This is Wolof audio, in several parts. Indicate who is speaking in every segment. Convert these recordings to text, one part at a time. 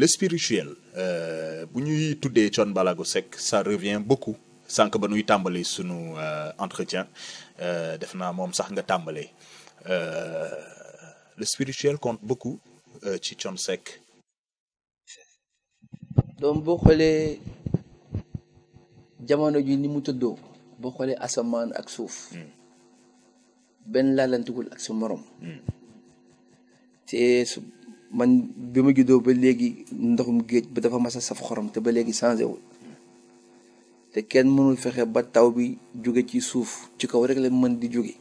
Speaker 1: le spirituel euh, bu ñuy tuddee Thione Ballago Seck ça revient beaucoup sànq ba nuy tàmbali sunu euh, entretien euh, def naa moom sax nga tàmbalee le spirituel compte beaucoup ci con Seck.
Speaker 2: doom boo xoolee jamono ji ni mu tëddoo boo xoolee asamaan ak suuf. Hmm. benn laalantigul ak sa morom. Hmm. te su. man bi ma juddoo ba léegi ndoxum géej ba dafa mas a saf xorom te ba léegi changé wul te kenn mënul fexe ba taw bi jóge ci suuf ci kaw rek la mën di jóge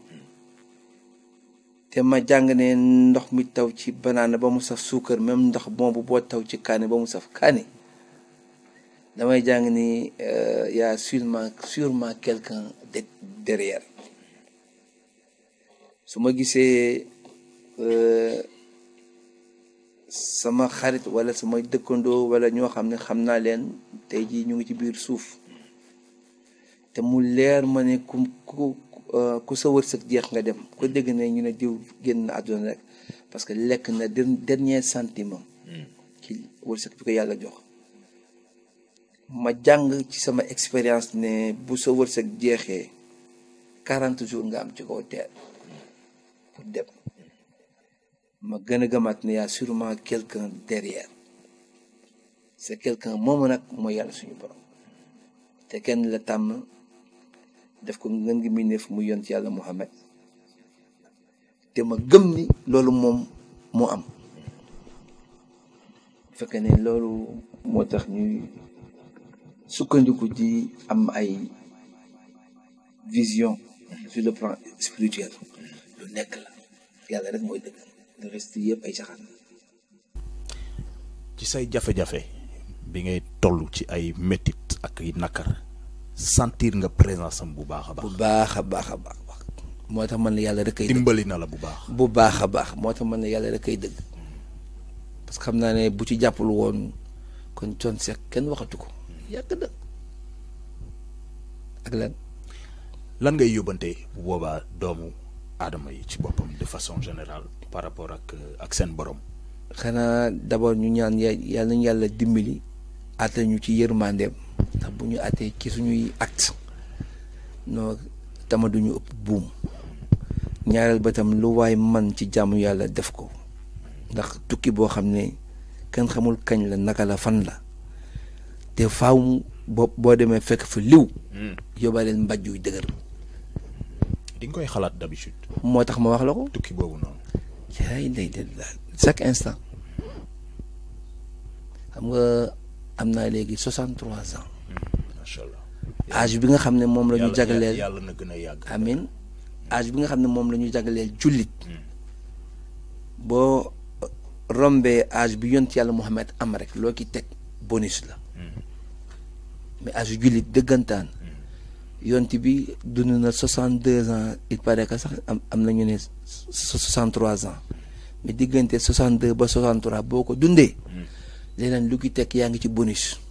Speaker 2: te ma jàng ne ndox mi taw ci banaana ba mu saf suukar même ndox boobu boo taw ci kaani ba mu saf kaani damay jàng ni euh, y a sûrement sûrement quelqu'un de derrière su ma gisee euh, sama xarit wala samay dëkkandoo wala ñoo xam ne xam naa leen tey jii ñu ngi ci biir suuf te mu leer ma ne ku ku ku sa wërsëg jeex nga dem ko dégg ne ñu ne diw génn na àdduna rek parce que lekk na dernier centime ci wërsëg bi ko yàlla jox ma jàng ci sama expérience ne bu sa wërsëg jeexee quarante jours nga am ci kaw teer pour dem ma gën a gëmaat ne y a sûrement quelqu'un derrière c'est quelqu'un moomu nag moo yàlla suñu borom te kenn la tàmm def ko ngën ngi fu mu yoon ci yàlla Muhammad te ma gëm ni loolu moom mu am fekke ne loolu moo tax ñuy sukkandiku di am ay vision sur le plan spirituel lu nekk la yàlla rek mooy dëgg le reste ci
Speaker 1: say jafe-jafe bi ngay toll ci ay metit ak ay nakar sentir
Speaker 2: nga présence bu baax a baax. a baax a baax moo tax man yàlla rek kay. dimbali na la bu baax. bu baax a baax moo tax man yàlla rek kay dëgg parce que xam naa ne bu ci jàppul woon kon Thione kenn waxatu ko
Speaker 1: yàgg na ak lan. lan ngay yóbbante bu boobaa doomu. aadama yi ci boppam de façon générale par rapport ak euh, ak seen borom.
Speaker 2: xanaa d'abord ñu ñaan yàlla ñu yàlla dimbali àtte ñu ci yërmandeem ndax bu ñu àttee ci suñuy acte noo tama ëpp buum ñaareel ba tam lu waay man ci jàmm yàlla def ko ndax tukki boo xam ne kenn xamul kañ la naka la fan la te faw boo boo demee fekk fa liw hmm. yóbbaaleen mbajjuy dëgër di nga koy xalaat d'habitude. moo tax ma wax la ko. tukki boobu noonu. jaay ndey de chaque instant xam nga am naa léegi 63 ans. Hmm, macha bi nga xam ne moom la ñu jagleel yàlla na gën a yàgg. amiin bi nga xam ne moom la ñu jagleel jullit. Hmm. boo rombee âge bi yont yàlla Muhammad am rek loo ki teg bonus la. Hmm. mais âge jullit dëggantaan. yonti bi dund na soixante deux ans il pare que sax am am na ñu ne soixante trois ans mais diggante soixante deux ba soixante trois boo ko dundee hmm. leneen lu yaa ngi ci bonus